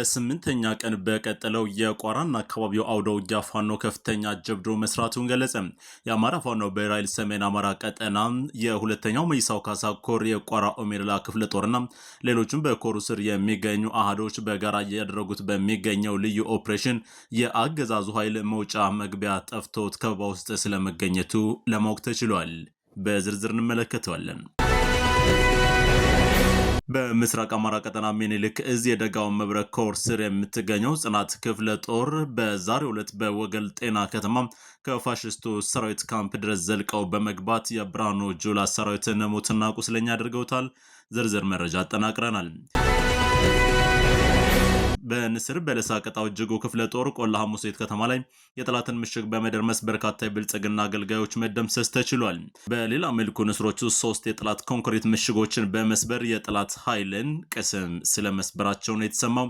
ለስምንተኛ ቀን በቀጠለው የቋራና አካባቢው አውደ ውጊያ ፋኖ ከፍተኛ ጀብዶ መስራቱን ገለጸ። የአማራ ፋኖ በራይል ሰሜን አማራ ቀጠና የሁለተኛው መይሳው ካሳ ኮር የቋራ ኦሜላ ክፍለ ጦርና ሌሎችም በኮሩ ስር የሚገኙ አህዶች በጋራ እያደረጉት በሚገኘው ልዩ ኦፕሬሽን የአገዛዙ ኃይል መውጫ መግቢያ ጠፍቶት ከበባ ውስጥ ስለመገኘቱ ለማወቅ ተችሏል። በዝርዝር እንመለከተዋለን። በምስራቅ አማራ ቀጠና ሚኒልክ እዝ የደጋውን መብረቅ ኮር ስር የምትገኘው ጽናት ክፍለ ጦር በዛሬው ዕለት በወገል ጤና ከተማ ከፋሽስቱ ሰራዊት ካምፕ ድረስ ዘልቀው በመግባት የብርሃኑ ጁላ ሰራዊትን ሞትና ቁስለኛ አድርገውታል። ዝርዝር መረጃ አጠናቅረናል። በንስር በለሳ ቀጣው እጅጉ ክፍለ ጦር ቆላ ሐሙሴት ከተማ ላይ የጠላትን ምሽግ በመደርመስ በርካታ የብልጽግና አገልጋዮች መደምሰስ ተችሏል። በሌላ መልኩ ንስሮቹ ሶስት የጠላት ኮንክሪት ምሽጎችን በመስበር የጠላት ኃይልን ቅስም ስለመስበራቸው ነው የተሰማው።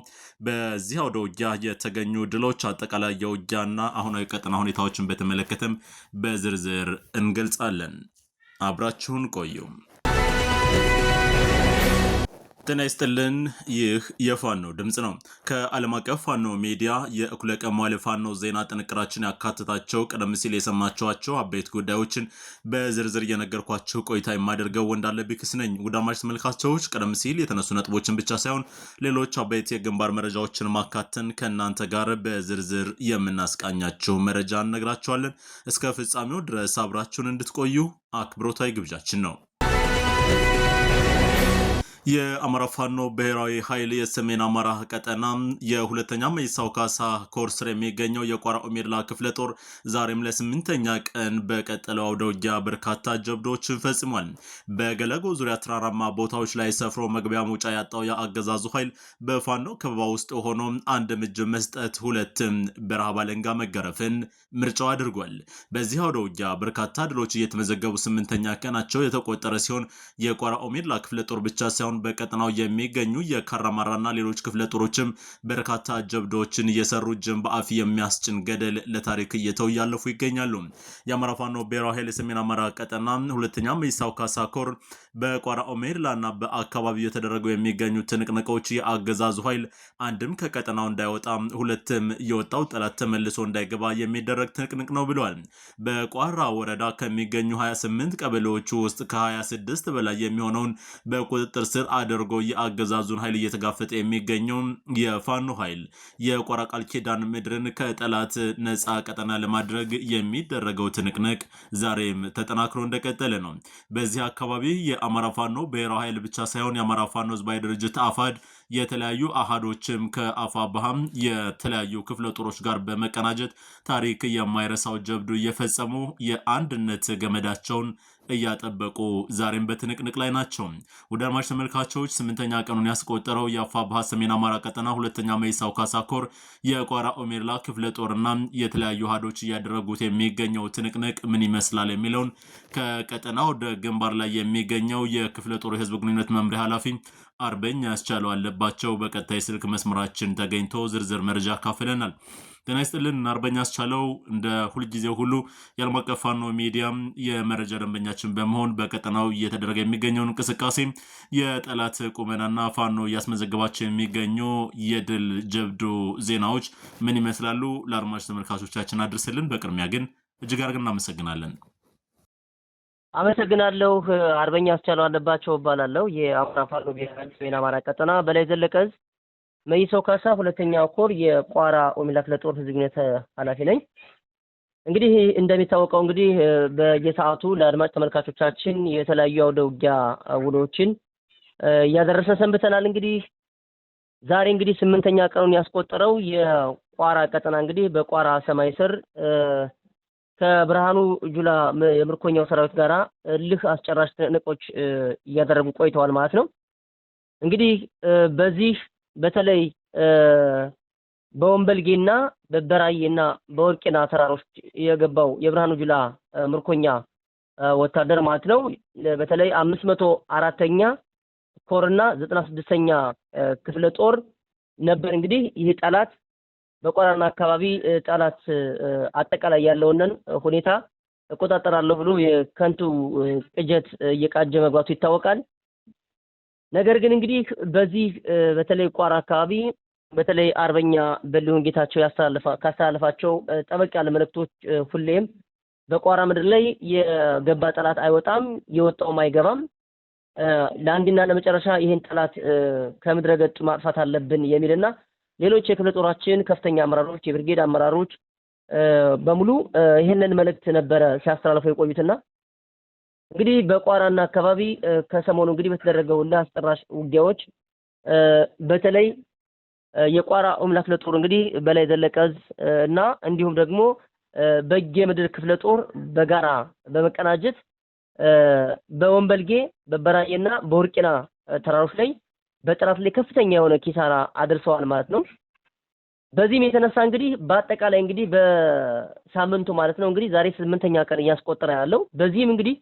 በዚህ አውደ ውጊያ የተገኙ ድሎች አጠቃላይ የውጊያና አሁናዊ ቀጠና ሁኔታዎችን በተመለከተም በዝርዝር እንገልጻለን። አብራችሁን ቆዩም። ጤና ይስጥልን። ይህ የፋኖ ድምፅ ነው። ከዓለም አቀፍ ፋኖ ሚዲያ የእኩለ ቀን ፋኖ ዜና ጥንቅራችን ያካትታቸው ቀደም ሲል የሰማችኋቸው አበይት ጉዳዮችን በዝርዝር እየነገርኳቸው ቆይታ የማደርገው ወንዳለ ቢክስ ነኝ። ውድ ተመልካቾች፣ ቀደም ሲል የተነሱ ነጥቦችን ብቻ ሳይሆን ሌሎች አበይት የግንባር መረጃዎችን ማካተን ከእናንተ ጋር በዝርዝር የምናስቃኛቸው መረጃ እነግራችኋለን። እስከ ፍጻሜው ድረስ አብራችሁን እንድትቆዩ አክብሮታዊ ግብዣችን ነው። የአማራ ፋኖ ብሔራዊ ኃይል የሰሜን አማራ ቀጠና የሁለተኛ መይሳው ካሳ ኮር የሚገኘው የቋራ ኦሜድላ ክፍለ ጦር ዛሬም ለስምንተኛ ቀን በቀጠለው አውደ በርካታ ጀብዶች ፈጽሟል። በገለጎ ዙሪያ ተራራማ ቦታዎች ላይ ሰፍሮ መግቢያ መውጫ ያጣው የአገዛዙ ኃይል በፋኖ ከበባ ውስጥ ሆኖ አንድ ምጅ መስጠት፣ ሁለትም በረሃ ባለንጋ መገረፍን ምርጫው አድርጓል። በዚህ አውደ በርካታ ድሎች እየተመዘገቡ ስምንተኛ ቀናቸው የተቆጠረ ሲሆን የቋራ ኦሜድላ ክፍለ ጦር ብቻ ሳይሆን በቀጠናው የሚገኙ የካራማራና ሌሎች ክፍለ ጦሮችም በርካታ ጀብዶዎችን እየሰሩ ጅን በአፍ የሚያስጭን ገደል ለታሪክ እየተው እያለፉ ይገኛሉ። የአማራ ፋኖ ብሔራዊ ኃይል ሰሜን አማራ ቀጠና ሁለተኛ ሚሳው ካሳኮር በቋራ ኦሜድላና በአካባቢው የተደረጉ የሚገኙ ትንቅንቆች የአገዛዙ ኃይል አንድም ከቀጠናው እንዳይወጣ፣ ሁለትም የወጣው ጠላት ተመልሶ እንዳይገባ የሚደረግ ትንቅንቅ ነው ብለዋል። በቋራ ወረዳ ከሚገኙ 28 ቀበሌዎች ውስጥ ከ26 በላይ የሚሆነውን በቁጥጥር ስር ስር አድርጎ የአገዛዙን ኃይል እየተጋፈጠ የሚገኘው የፋኖ ኃይል የቆራ ቃል ኪዳን ምድርን ከጠላት ነፃ ቀጠና ለማድረግ የሚደረገው ትንቅንቅ ዛሬም ተጠናክሮ እንደቀጠለ ነው። በዚህ አካባቢ የአማራ ፋኖ ብሔራዊ ኃይል ብቻ ሳይሆን የአማራ ፋኖ ህዝባዊ ድርጅት አፋድ የተለያዩ አሃዶችም ከአፋ ባህም የተለያዩ ክፍለ ጦሮች ጋር በመቀናጀት ታሪክ የማይረሳው ጀብዱ እየፈጸሙ የአንድነት ገመዳቸውን እያጠበቁ ዛሬም በትንቅንቅ ላይ ናቸው። ወደ አድማጭ ተመልካቾች ስምንተኛ ቀኑን ያስቆጠረው የአፋብሃ ሰሜን አማራ ቀጠና ሁለተኛ መይሳው ካሳኮር የቋራ ኦሜርላ ክፍለ ጦርና የተለያዩ ሀዶች እያደረጉት የሚገኘው ትንቅንቅ ምን ይመስላል የሚለውን ከቀጠና ወደ ግንባር ላይ የሚገኘው የክፍለ ጦር የህዝብ ግንኙነት መምሪያ ኃላፊ አርበኛ ያስቻለው አለባቸው በቀጣይ ስልክ መስመራችን ተገኝቶ ዝርዝር መረጃ ካፍለናል። ጤና ይስጥልን አርበኛ አስቻለው እንደ ሁልጊዜው ሁሉ የዓለም አቀፍ ፋኖ ሚዲያም የመረጃ ደንበኛችን በመሆን በቀጠናው እየተደረገ የሚገኘውን እንቅስቃሴ የጠላት ቁመናና ፋኖ እያስመዘገባቸው የሚገኙ የድል ጀብዶ ዜናዎች ምን ይመስላሉ ለአድማጭ ተመልካቾቻችን አድርስልን። በቅድሚያ ግን እጅግ አድርገን እናመሰግናለን። አመሰግናለሁ። አርበኛ አስቻለው አለባቸው እባላለሁ። የአማራ ፋኖ ብሔራዊ ሰሜን አማራ ቀጠና በላይ ዘለቀ መይሰው ካሳ ሁለተኛ ኮር የቋራ ኦሜላ ክፍለ ጦር ህዝብ ግንኙነት ኃላፊ ነኝ። እንግዲህ እንደሚታወቀው እንግዲህ በየሰዓቱ ለአድማጭ ተመልካቾቻችን የተለያዩ አውደ ውጊያ ውሎችን እያደረሰ ሰንብተናል። እንግዲህ ዛሬ እንግዲህ ስምንተኛ ቀኑን ያስቆጠረው የቋራ ቀጠና እንግዲህ በቋራ ሰማይ ስር ከብርሃኑ ጁላ የምርኮኛው ሰራዊት ጋራ እልህ አስጨራሽ ትንቅንቆች እያደረጉ ቆይተዋል ማለት ነው። እንግዲህ በዚህ በተለይ በወንበልጌና በበራዬና በወርቄና ተራሮች የገባው የብርሃኑ ጁላ ምርኮኛ ወታደር ማለት ነው። በተለይ አምስት መቶ አራተኛ ኮርና ዘጠና ስድስተኛ ክፍለ ጦር ነበር። እንግዲህ ይህ ጠላት በቆራና አካባቢ ጠላት አጠቃላይ ያለውን ሁኔታ እቆጣጠራለሁ ብሎ የከንቱ ቅጀት እየቃጀ መግባቱ ይታወቃል። ነገር ግን እንግዲህ በዚህ በተለይ ቋራ አካባቢ በተለይ አርበኛ በሊሁን ጌታቸው ካስተላለፋቸው ጠበቅ ያለ መልእክቶች ሁሌም በቋራ ምድር ላይ የገባ ጠላት አይወጣም፣ የወጣውም አይገባም። ለአንድና ለመጨረሻ ይህን ጠላት ከምድረ ገጽ ማጥፋት አለብን የሚልና ሌሎች የክፍለ ጦራችን ከፍተኛ አመራሮች፣ የብርጌድ አመራሮች በሙሉ ይህንን መልእክት ነበረ ሲያስተላልፈው የቆዩትና እንግዲህ በቋራና አካባቢ ከሰሞኑ እንግዲህ በተደረገውና አስጨራሽ ውጊያዎች በተለይ የቋራ ኦምላክ ለጦር እንግዲህ በላይ ዘለቀዝ እና እንዲሁም ደግሞ በጌ ምድር ክፍለ ጦር በጋራ በመቀናጀት በወንበልጌ በበራዬና በወርቂና ተራሮች ላይ በጥራት ላይ ከፍተኛ የሆነ ኪሳራ አድርሰዋል ማለት ነው። በዚህም የተነሳ እንግዲህ በአጠቃላይ እንግዲህ በሳምንቱ ማለት ነው እንግዲህ ዛሬ ስምንተኛ ቀን እያስቆጠረ ያለው በዚህም እንግዲህ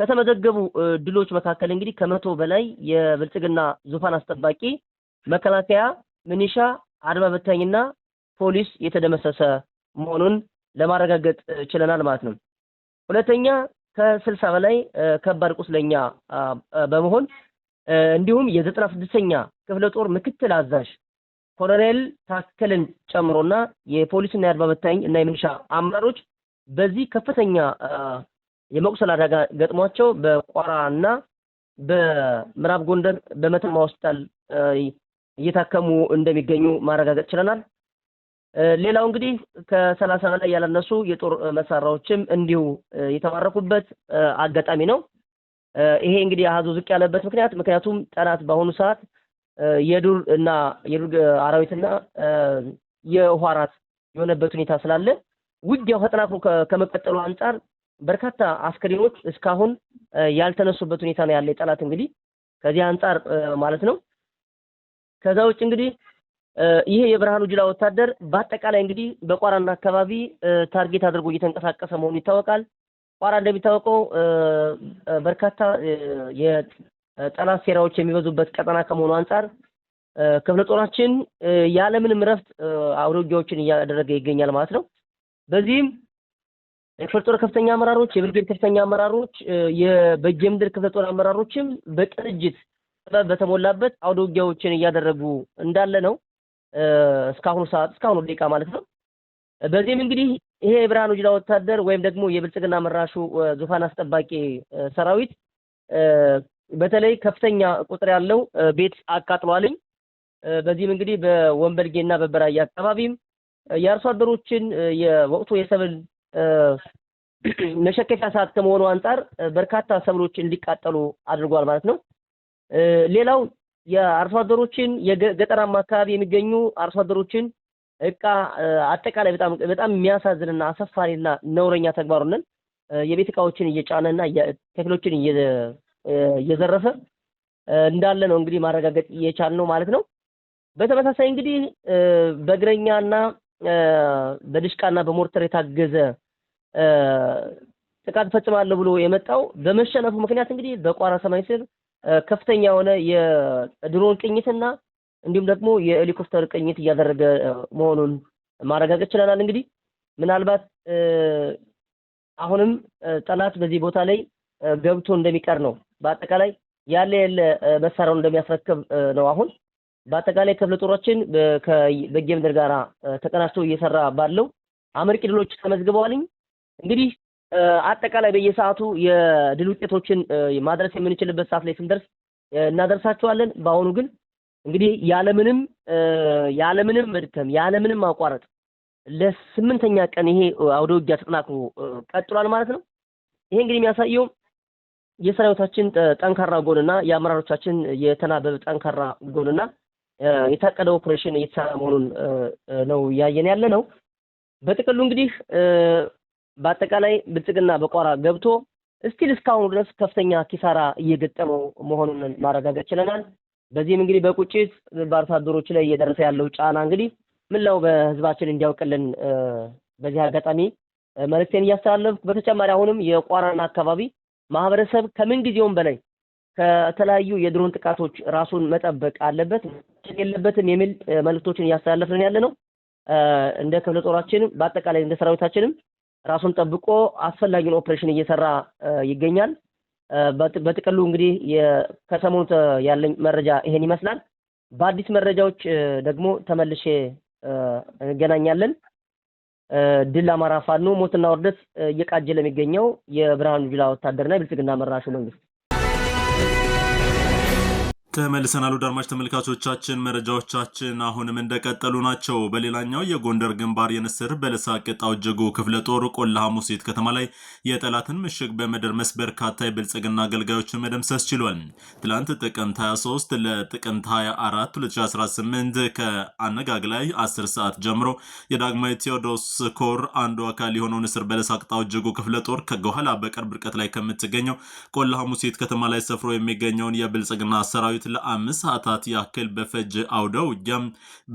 ከተመዘገቡ ድሎች መካከል እንግዲህ ከመቶ በላይ የብልጽግና ዙፋን አስጠባቂ መከላከያ፣ ምኒሻ፣ አድማ በታኝና ፖሊስ የተደመሰሰ መሆኑን ለማረጋገጥ ችለናል ማለት ነው። ሁለተኛ ከስልሳ በላይ ከባድ ቁስለኛ በመሆን እንዲሁም የዘጠና ስድስተኛ ክፍለ ጦር ምክትል አዛዥ ኮሎኔል ታከልን ጨምሮና የፖሊስና የአድማ በታኝ እና የምንሻ አመራሮች በዚህ ከፍተኛ የመቁሰል አደጋ ገጥሟቸው በቋራ እና በምዕራብ ጎንደር በመተማ ሆስፒታል እየታከሙ እንደሚገኙ ማረጋገጥ ችለናል። ሌላው እንግዲህ ከሰላሳ በላይ ያላነሱ የጦር መሳሪያዎችም እንዲሁ የተማረኩበት አጋጣሚ ነው። ይሄ እንግዲህ አሃዙ ዝቅ ያለበት ምክንያት ምክንያቱም ጠላት በአሁኑ ሰዓት የዱር እና የዱር አራዊትና የውሃ አራት የሆነበት ሁኔታ ስላለ ውጊያው ተጠናክሮ ከመቀጠሉ አንጻር በርካታ አስክሬኖች እስካሁን ያልተነሱበት ሁኔታ ነው ያለ ጠላት እንግዲህ ከዚህ አንጻር ማለት ነው። ከዛ ውጭ እንግዲህ ይሄ የብርሃኑ ጁላ ወታደር በአጠቃላይ እንግዲህ በቋራና አካባቢ ታርጌት አድርጎ እየተንቀሳቀሰ መሆኑ ይታወቃል። ቋራ እንደሚታወቀው በርካታ የጠላት ሴራዎች የሚበዙበት ቀጠና ከመሆኑ አንጻር ክፍለ ጦራችን ያለምንም እረፍት አውደ ውጊያዎችን እያደረገ ይገኛል ማለት ነው። በዚህም የክፍለ ጦር ከፍተኛ አመራሮች፣ የብርጌድ ከፍተኛ አመራሮች፣ የበጌምድር ክፍለ ጦር አመራሮችም በቅንጅት ጥበብ በተሞላበት አውደ ውጊያዎችን እያደረጉ እንዳለ ነው። እስካሁኑ ሰዓት እስካሁኑ ደቂቃ ማለት ነው። በዚህም እንግዲህ ይሄ የብርሃኑ ጅላ ወታደር ወይም ደግሞ የብልጽግና መራሹ ዙፋን አስጠባቂ ሰራዊት በተለይ ከፍተኛ ቁጥር ያለው ቤት አቃጥሏልኝ። በዚህም እንግዲህ በወንበልጌና በበራያ አካባቢም የአርሶ አደሮችን የወቅቱ የሰብል መሸከፊያ ሰዓት ከመሆኑ አንጻር በርካታ ሰብሎች እንዲቃጠሉ አድርጓል ማለት ነው። ሌላው የአርሶ አደሮችን የገጠራማ አካባቢ የሚገኙ አርሶ አደሮችን እቃ አጠቃላይ በጣም በጣም የሚያሳዝንና አሰፋሪና ነውረኛ ተግባሩንን የቤት እቃዎችን እየጫነና ተክሎችን እየዘረፈ እንዳለ ነው እንግዲህ ማረጋገጥ የቻልነው ማለት ነው። በተመሳሳይ እንግዲህ በእግረኛና በድሽቃና በሞርተር የታገዘ ጥቃት ፈጽማለሁ ብሎ የመጣው በመሸነፉ ምክንያት እንግዲህ በቋራ ሰማይ ስር ከፍተኛ የሆነ የድሮን ቅኝትና እንዲሁም ደግሞ የሄሊኮፕተር ቅኝት እያደረገ መሆኑን ማረጋገጥ ችለናል። እንግዲህ ምናልባት አሁንም ጠላት በዚህ ቦታ ላይ ገብቶ እንደሚቀር ነው። በአጠቃላይ ያለ የለ መሳሪያውን እንደሚያስረክብ ነው። አሁን በአጠቃላይ ክፍለ ጦራችን በጌምድር ጋራ ተቀናጅቶ እየሰራ ባለው አመርቂ ድሎች ተመዝግበዋልኝ። እንግዲህ አጠቃላይ በየሰዓቱ የድል ውጤቶችን ማድረስ የምንችልበት ሰዓት ላይ ስንደርስ እናደርሳቸዋለን። በአሁኑ ግን እንግዲህ ያለምንም ያለምንም መድከም ያለምንም ማቋረጥ ለስምንተኛ ቀን ይሄ አውደ ውጊያ ተጠናክሮ ቀጥሏል ማለት ነው። ይሄ እንግዲህ የሚያሳየው የሰራዊታችን ጠንካራ ጎንና የአመራሮቻችን የተናበበ ጠንካራ ጎንና የታቀደ ኦፕሬሽን እየተሰራ መሆኑን ነው እያየን ያለ ነው። በጥቅሉ እንግዲህ በአጠቃላይ ብልጽግና በቋራ ገብቶ እስቲል እስካሁን ድረስ ከፍተኛ ኪሳራ እየገጠመው መሆኑን ማረጋገጥ ችለናል። በዚህም እንግዲህ በቁጭት በአርሶ ላይ እየደረሰ ያለው ጫና እንግዲህ ምለው በህዝባችን እንዲያውቅልን በዚህ አጋጣሚ መልእክቴን እያስተላለፍኩ በተጨማሪ አሁንም የቋራና አካባቢ ማህበረሰብ ከምንጊዜውም በላይ ከተለያዩ የድሮን ጥቃቶች ራሱን መጠበቅ አለበት የለበትም የሚል መልእክቶችን እያስተላለፍን ያለ ነው። እንደ ክፍለ ጦራችንም በአጠቃላይ እንደ ሰራዊታችንም ራሱን ጠብቆ አስፈላጊውን ኦፕሬሽን እየሰራ ይገኛል። በጥቅሉ እንግዲህ ከሰሞኑ ያለኝ መረጃ ይሄን ይመስላል። በአዲስ መረጃዎች ደግሞ ተመልሼ እንገናኛለን። ድል አማራ ፋኖ፣ ሞትና ውርደት እየቃጀ ለሚገኘው የብርሃኑ ጁላ ወታደርና የብልጽግና መራሹ መንግስት ተመልሰናል ወደ አድማጭ ተመልካቾቻችን፣ መረጃዎቻችን አሁንም እንደቀጠሉ ናቸው። በሌላኛው የጎንደር ግንባር የንስር በለሳ ቅጣው ጅጉ ክፍለ ጦር ቆላ ሐሙሴት ከተማ ላይ የጠላትን ምሽግ በመደርመስ በርካታ የብልጽግና አገልጋዮችን መደምሰስ ችሏል። ትላንት ጥቅምት 23 ለጥቅምት 24 2018 ከአነጋግ ላይ 10 ሰዓት ጀምሮ የዳግማዊ ቴዎድሮስ ኮር አንዱ አካል የሆነው ንስር በለሳ ቅጣው ጅጉ ክፍለ ጦር ከኋላ በቅርብ ርቀት ላይ ከምትገኘው ቆላ ሐሙሴት ከተማ ላይ ሰፍሮ የሚገኘውን የብልጽግና ሰራዊት ለአምስት ሰዓታት ያክል በፈጀ አውደ ውጊያም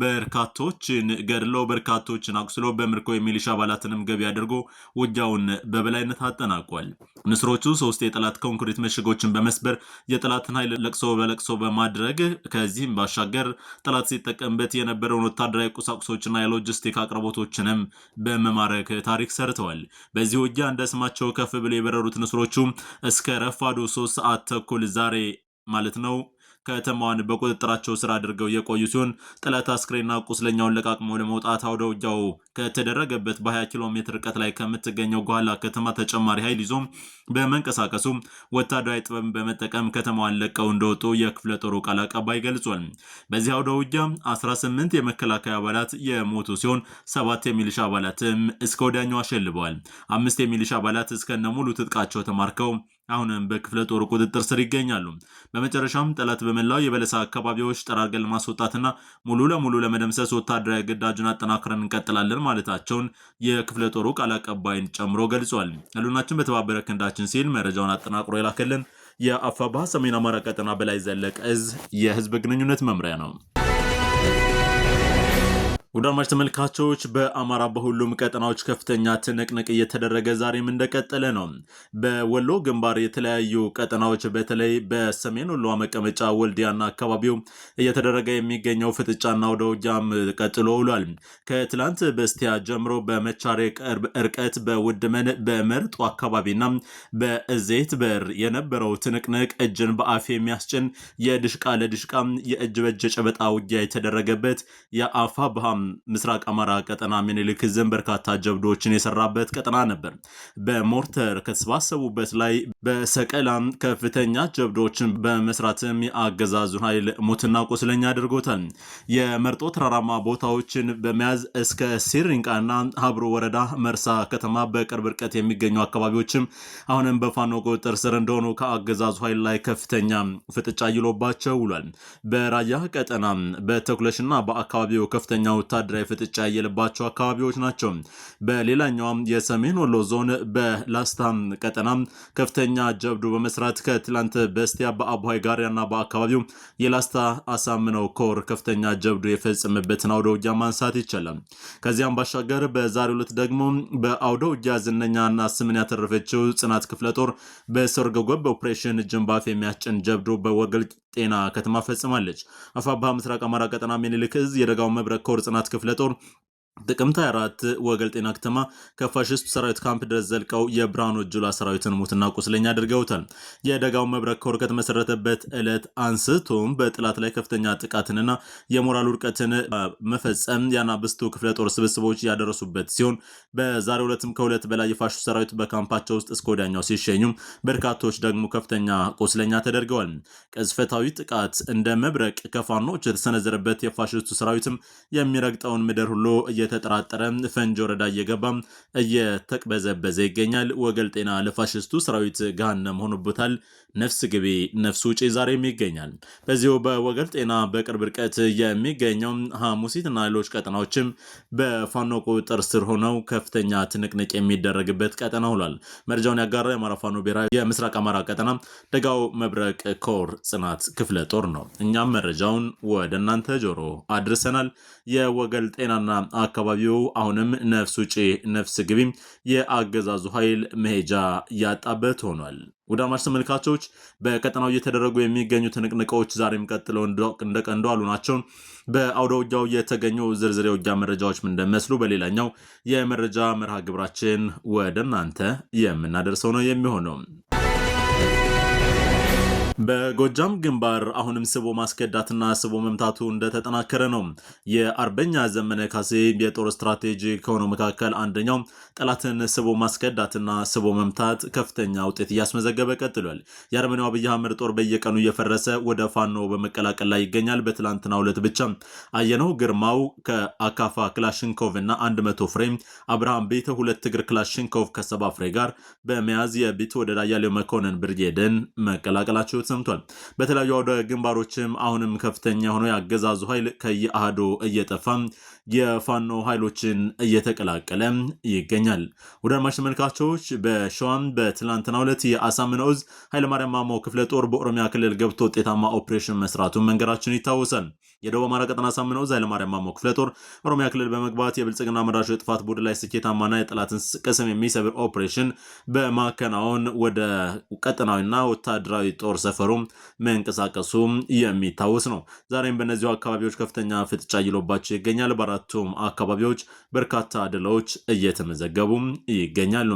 በርካቶችን ገድሎ በርካቶችን አቁስሎ በምርኮ የሚሊሻ አባላትንም ገቢ አድርጎ ውጊያውን በበላይነት አጠናቋል። ንስሮቹ ሶስት የጠላት ኮንክሪት ምሽጎችን በመስበር የጠላትን ኃይል ለቅሶ በለቅሶ በማድረግ ከዚህም ባሻገር ጠላት ሲጠቀምበት የነበረውን ወታደራዊ ቁሳቁሶችና የሎጂስቲክ አቅርቦቶችንም በመማረክ ታሪክ ሰርተዋል። በዚህ ውጊያ እንደ ስማቸው ከፍ ብለው የበረሩት ንስሮቹ እስከ ረፋዱ ሶስት ሰዓት ተኩል ዛሬ ማለት ነው ከተማዋን በቁጥጥራቸው ስር አድርገው የቆዩ ሲሆን ጠላት አስክሬና ቁስለኛውን ለቃቅመው ለመውጣት አውደ ውጊያው ከተደረገበት በ20 ኪሎ ሜትር ርቀት ላይ ከምትገኘው ጓላ ከተማ ተጨማሪ ኃይል ይዞ በመንቀሳቀሱ ወታደራዊ ጥበብን በመጠቀም ከተማዋን ለቀው እንደወጡ የክፍለ ጦሩ ቃል አቀባይ ገልጿል። በዚህ አውደ ውጊያ 18 የመከላከያ አባላት የሞቱ ሲሆን ሰባት የሚሊሻ አባላትም እስከ ወዲያኛው አሸልበዋል። አምስት የሚሊሻ አባላት እስከነ ሙሉ ትጥቃቸው ተማርከው አሁንም በክፍለ ጦር ቁጥጥር ስር ይገኛሉ። በመጨረሻም ጠላት በመላው የበለሳ አካባቢዎች ጠራርገን ለማስወጣትና ሙሉ ለሙሉ ለመደምሰስ ወታደራዊ ግዳጁን አጠናክረን እንቀጥላለን ማለታቸውን የክፍለ ጦሩ ቃል አቀባይን ጨምሮ ገልጿል። ህሉናችን በተባበረ ክንዳችን ሲል መረጃውን አጠናቅሮ የላከልን የአፋባ ሰሜን አማራ ቀጠና በላይ ዘለቀ እዝ የህዝብ ግንኙነት መምሪያ ነው። ውድ ተመልካቾች በአማራ በሁሉም ቀጠናዎች ከፍተኛ ትንቅንቅ እየተደረገ ዛሬም እንደቀጠለ ነው። በወሎ ግንባር የተለያዩ ቀጠናዎች በተለይ በሰሜን ወሎ መቀመጫ ወልዲያና አካባቢው እየተደረገ የሚገኘው ፍጥጫና ወደ ውጊያም ቀጥሎ ውሏል። ከትላንት በስቲያ ጀምሮ በመቻሬ ቅርብ እርቀት በውድመን በመርጦ አካባቢና በእዜት በር የነበረው ትንቅንቅ እጅን በአፍ የሚያስጭን የድሽቃ ለድሽቃ የእጅ በእጅ ጨበጣ ውጊያ የተደረገበት የአፋ ብሃም ምስራቅ አማራ ቀጠና ምኒልክ ዕዝም በርካታ ጀብዶችን የሰራበት ቀጠና ነበር። በሞርተር ከተሰባሰቡበት ላይ በሰቀላም ከፍተኛ ጀብዶችን በመስራትም የአገዛዙን ኃይል ሞትና ቁስለኛ አድርጎታል። የመርጦ ተራራማ ቦታዎችን በመያዝ እስከ ሲሪንቃና ሀብሮ ወረዳ መርሳ ከተማ በቅርብ ርቀት የሚገኙ አካባቢዎችም አሁንም በፋኖ ቁጥጥር ስር እንደሆኑ ከአገዛዙ ኃይል ላይ ከፍተኛ ፍጥጫ ይሎባቸው ውሏል። በራያ ቀጠና በተኩለሽና በአካባቢው ከፍተኛው ወታደራዊ ፍጥጫ ያየለባቸው አካባቢዎች ናቸው። በሌላኛውም የሰሜን ወሎ ዞን በላስታም ቀጠና ከፍተኛ ጀብዱ በመስራት ከትላንት በስቲያ በአቡሃይ ጋሪያና በአካባቢው የላስታ አሳምነው ኮር ከፍተኛ ጀብዱ የፈጸመበትን አውደ ውጊያ ማንሳት ይቻላል። ከዚያም ባሻገር በዛሬው ዕለት ደግሞ በአውደ ውጊያ ዝነኛና ስምን ያተረፈችው ጽናት ክፍለ ጦር በሰርጎ ኦፕሬሽን ጅንባፍ የሚያስጭን ጀብዱ በወገል ጤና ከተማ ፈጽማለች። አፋባ ምስራቅ አማራ ቀጠና ምኒልክ እዝ የደጋው መብረቅ ከወር ጽናት ክፍለ ጦር ጥቅምት 24 ወገል ጤና ከተማ ከፋሽስቱ ሰራዊት ካምፕ ድረስ ዘልቀው የብርሃኑ ጁላ ሰራዊትን ሙትና ቁስለኛ አድርገውታል። የደጋው መብረቅ ከወርቅ ከተመሰረተበት ዕለት አንስቶም በጥላት ላይ ከፍተኛ ጥቃትንና የሞራል ውድቀትን መፈጸም የአናብስቱ ክፍለ ጦር ስብስቦች ያደረሱበት ሲሆን በዛሬው ዕለትም ከሁለት በላይ የፋሽስቱ ሰራዊት በካምፓቸው ውስጥ እስከ ወዲያኛው ሲሸኙም፣ በርካቶች ደግሞ ከፍተኛ ቁስለኛ ተደርገዋል። ቅጽበታዊ ጥቃት እንደ መብረቅ ከፋኖች የተሰነዘረበት የፋሽስቱ ሰራዊትም የሚረግጠውን ምድር ሁሉ እየተጠራጠረ ፈንጆ ወረዳ እየገባ እየተቅበዘበዘ ይገኛል። ወገል ጤና ለፋሽስቱ ሰራዊት ገሃነም ሆኖበታል። ነፍስ ግቢ ነፍስ ውጪ ዛሬም ይገኛል። በዚሁ በወገል ጤና በቅርብ ርቀት የሚገኘው ሐሙሲትና ሌሎች ቀጠናዎችም በፋኖ ቁጥጥር ስር ሆነው ከፍተኛ ትንቅንቅ የሚደረግበት ቀጠና ሆኗል። መረጃውን ያጋራ የአማራ ፋኖ ብሔራዊ የምስራቅ አማራ ቀጠና ደጋው መብረቅ ኮር ጽናት ክፍለ ጦር ነው። እኛም መረጃውን ወደ እናንተ ጆሮ አድርሰናል። የወገል ጤናና በአካባቢው አሁንም ነፍስ ውጪ ነፍስ ግቢ የአገዛዙ ኃይል መሄጃ ያጣበት ሆኗል። ወደ አድማጭ ተመልካቾች በቀጠናው እየተደረጉ የሚገኙ ትንቅንቆች ዛሬም ቀጥለው እንደቀንዱ አሉ ናቸው። በአውደ ውጊያው የተገኙ ዝርዝር የውጊያ መረጃዎች ምን እንደሚመስሉ በሌላኛው የመረጃ መርሃ ግብራችን ወደ እናንተ የምናደርሰው ነው የሚሆነው። በጎጃም ግንባር አሁንም ስቦ ማስከዳትና ስቦ መምታቱ እንደተጠናከረ ነው። የአርበኛ ዘመነ ካሴ የጦር ስትራቴጂ ከሆነው መካከል አንደኛው ጠላትን ስቦ ማስከዳትና ስቦ መምታት ከፍተኛ ውጤት እያስመዘገበ ቀጥሏል። የአርመኒው አብይ አህመድ ጦር በየቀኑ እየፈረሰ ወደ ፋኖ በመቀላቀል ላይ ይገኛል። በትላንትናው ዕለት ብቻ አየነው ግርማው ከአካፋ ክላሽንኮቭ እና 100 ፍሬም አብርሃም ቤተ ሁለት እግር ክላሽንኮቭ ከሰባ ፍሬ ጋር በመያዝ የቢት ወደ ዳያሌው መኮንን ብርጌድን መቀላቀላችሁት ተሰምቷል። በተለያዩ አውደ ግንባሮችም አሁንም ከፍተኛ ሆኖ የአገዛዙ ኃይል ከየአህዶ እየጠፋ የፋኖ ኃይሎችን እየተቀላቀለ ይገኛል። ወደ አድማጭ ተመልካቾች በሸዋም በትላንትና ሁለት የአሳምነው ዕዝ ኃይለማርያም ማሞ ክፍለ ጦር በኦሮሚያ ክልል ገብቶ ውጤታማ ኦፕሬሽን መስራቱን መንገራችን ይታወሳል። የደቡብ አማራ ቀጠና ሳምነው ዕዝ ኃይለማርያም ማሞ ክፍለ ጦር ኦሮሚያ ክልል በመግባት የብልጽግና መራሹ የጥፋት ቡድን ላይ ስኬታማና የጠላትን ቅስም የሚሰብር ኦፕሬሽን በማከናወን ወደ ቀጠናዊና ወታደራዊ ጦር ሰፈ እየተደፈሩ መንቀሳቀሱም የሚታወስ ነው። ዛሬም በእነዚሁ አካባቢዎች ከፍተኛ ፍጥጫ ይሎባቸው ይገኛል። በአራቱም አካባቢዎች በርካታ ድሎች እየተመዘገቡ ይገኛሉ።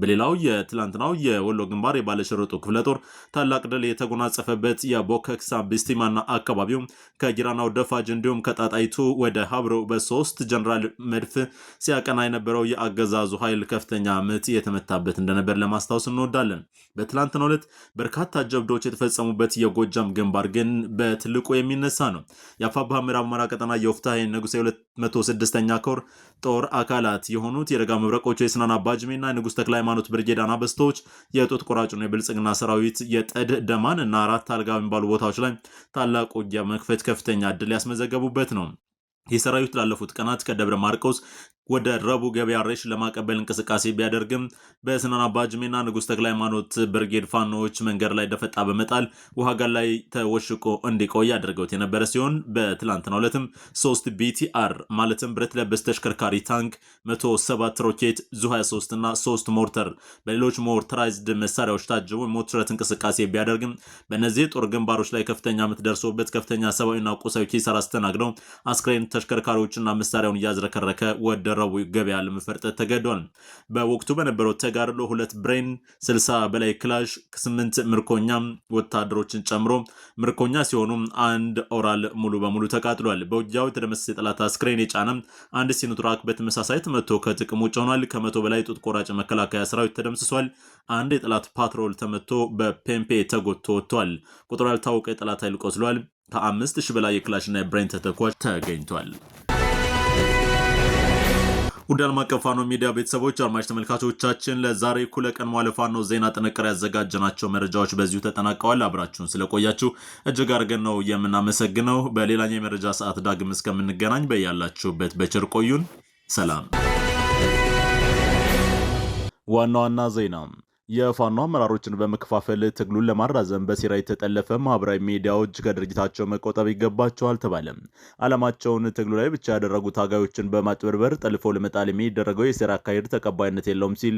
በሌላው የትላንትናው የወሎ ግንባር የባለሸረጡ ክፍለ ጦር ታላቅ ድል የተጎናጸፈበት የቦከክሳ ብስቲማና አካባቢው ከጊራና ደፋጅ እንዲሁም ከጣጣይቱ ወደ ሀብሮ በሶስት ጀነራል መድፍ ሲያቀና የነበረው የአገዛዙ ኃይል ከፍተኛ ምት የተመታበት እንደነበር ለማስታወስ እንወዳለን። በትላንትናው ዕለት በርካታ ጀብዶች የተፈጸሙበት የጎጃም ግንባር ግን በትልቁ የሚነሳ ነው። የአፋብኃ ምዕራብ አማራ ቀጠና የወፍታሔ ንጉሥ የ ኛ ኮር ጦር አካላት የሆኑት የደጋ መብረቆቹ የስናን አባጅሜና የንጉሥ ተክለ ሃይማኖት ብርጌድ አናበስቶች የጡት ቆራጩን የብልጽግና ሰራዊት የጠድ ደማን እና አራት አልጋ በሚባሉ ቦታዎች ላይ ታላቅ ውጊያ መክፈት ከፍተኛ እድል ያስመዘገቡበት ነው። የሰራዊት ላለፉት ቀናት ከደብረ ማርቆስ ወደ ረቡ ገበያ ሬሽ ለማቀበል እንቅስቃሴ ቢያደርግም በስናን አባጅሜና ንጉሥ ተክለ ሃይማኖት ብርጌድ ፋኖዎች መንገድ ላይ ደፈጣ በመጣል ውሃጋን ላይ ተወሽቆ እንዲቆይ አድርገውት የነበረ ሲሆን በትላንትናው ዕለትም ሶስት ቢቲአር ማለትም ብረት ለበስ ተሽከርካሪ ታንክ፣ 107 ሮኬት፣ ዙ 23 እና ሶስት ሞርተር በሌሎች ሞርተራይዝድ መሳሪያዎች ታጅቦ ሞትረት እንቅስቃሴ ቢያደርግም በእነዚህ የጦር ግንባሮች ላይ ከፍተኛ ምት ደርሶበት ከፍተኛ ሰብአዊና ቁሳዊ ኪሳራ አስተናግደው አስክሬን ተሽከርካሪዎችና መሳሪያውን እያዝረከረከ ወደ ረቡዕ ገበያ ለመፈርጠት ተገዷል። በወቅቱ በነበረው ተጋድሎ ሁለት ብሬን፣ 60 በላይ ክላሽ፣ ስምንት ምርኮኛ ወታደሮችን ጨምሮ ምርኮኛ ሲሆኑ አንድ ኦራል ሙሉ በሙሉ ተቃጥሏል። በውጊያው የተደመሰሰ የጠላት አስክሬን የጫነ አንድ ሲኖትራክ በተመሳሳይ ተመቶ ከጥቅም ውጭ ሆኗል። ከመቶ በላይ ጡት ቆራጭ መከላከያ ሰራዊት ተደምስሷል። አንድ የጠላት ፓትሮል ተመቶ በፔምፔ ተጎቶ ወጥቷል። ቁጥሩ ያልታወቀ የጠላት ኃይል ቆስሏል። ከአምስት ሺህ በላይ የክላሽና የብሬን ተተኳሽ ተገኝቷል። ውድ ዓለም አቀፍ ፋኖ ሚዲያ ቤተሰቦች አድማጭ ተመልካቾቻችን ለዛሬ እኩለ ቀን ማለ ፋኖ ዜና ጥንቅር ያዘጋጀናቸው መረጃዎች በዚሁ ተጠናቀዋል። አብራችሁን ስለቆያችሁ እጅግ አድርገን ነው የምናመሰግነው። በሌላኛው የመረጃ ሰዓት ዳግም እስከምንገናኝ በያላችሁበት በቸር ቆዩን። ሰላም ዋና ዋና ዜና የፋኖ አመራሮችን በመከፋፈል ትግሉን ለማራዘም በሴራ የተጠለፈ ማህበራዊ ሚዲያዎች ከድርጅታቸው መቆጠብ ይገባቸዋል ተባለም። ዓላማቸውን ትግሉ ላይ ብቻ ያደረጉ ታጋዮችን በማጭበርበር ጠልፎ ለመጣል የሚደረገው የሴራ አካሄድ ተቀባይነት የለውም ሲል